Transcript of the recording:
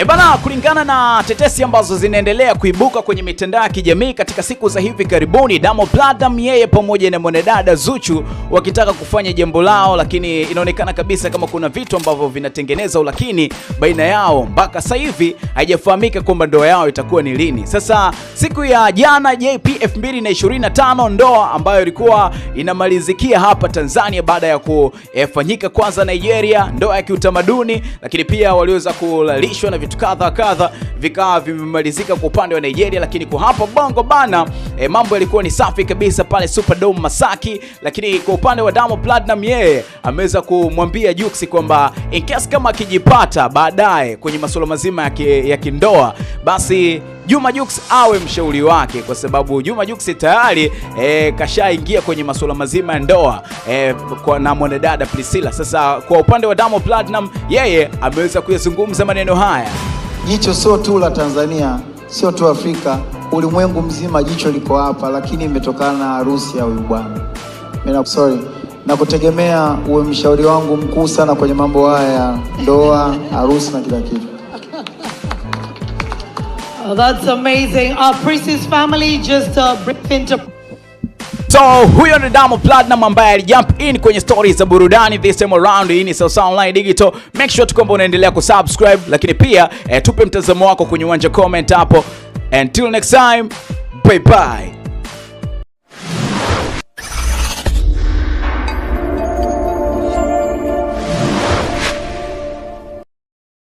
E bana, kulingana na tetesi ambazo zinaendelea kuibuka kwenye mitandao ya kijamii katika siku za hivi karibuni, Diamond Platnumz yeye pamoja na mwanadada Zuchu wakitaka kufanya jambo lao, lakini inaonekana kabisa kama kuna vitu ambavyo vinatengeneza ulakini baina yao. Mpaka sasa hivi haijafahamika kwamba ndoa yao itakuwa ni lini. Sasa siku ya jana JP 2025, ndoa ambayo ilikuwa inamalizikia hapa Tanzania baada ya kufanyika kwanza Nigeria, ndoa ya kiutamaduni, lakini pia waliweza kulalishwa na vitu kadha kadha vikawa vimemalizika kwa upande wa Nigeria, lakini kwa hapa Bongo bana e, mambo yalikuwa ni safi kabisa pale Superdome Masaki, lakini kwa upande wa Diamond Platnumz yeye ameweza kumwambia Jux kwamba in case kama akijipata baadaye kwenye masuala mazima ya, ki, ya kindoa basi Juma Jux awe mshauri wake kwa sababu Juma Jux tayari e, kashaingia kwenye masuala mazima ya ndoa e, kwa na mwanadada Priscilla. Sasa kwa upande wa Diamond Platnumz yeye ameweza kuyazungumza maneno haya: jicho sio tu la Tanzania, sio tu Afrika ulimwengu mzima jicho liko hapa, lakini imetokana na harusi ya huyu bwana. Mimi sorry, nakutegemea uwe mshauri wangu mkuu sana kwenye mambo haya ndoa, harusi na kila kitu. Oh, that's amazing. Our Princess family just uh, into So huyo ni Diamond Platnumz ambaye alijump in kwenye stories za burudani this time around. Hii ni Sawasawa Online Digital. Make sure tu kwamba unaendelea kusubscribe, lakini pia eh, tupe mtazamo wako kwenye uwanja comment hapo. Until next time, bye bye.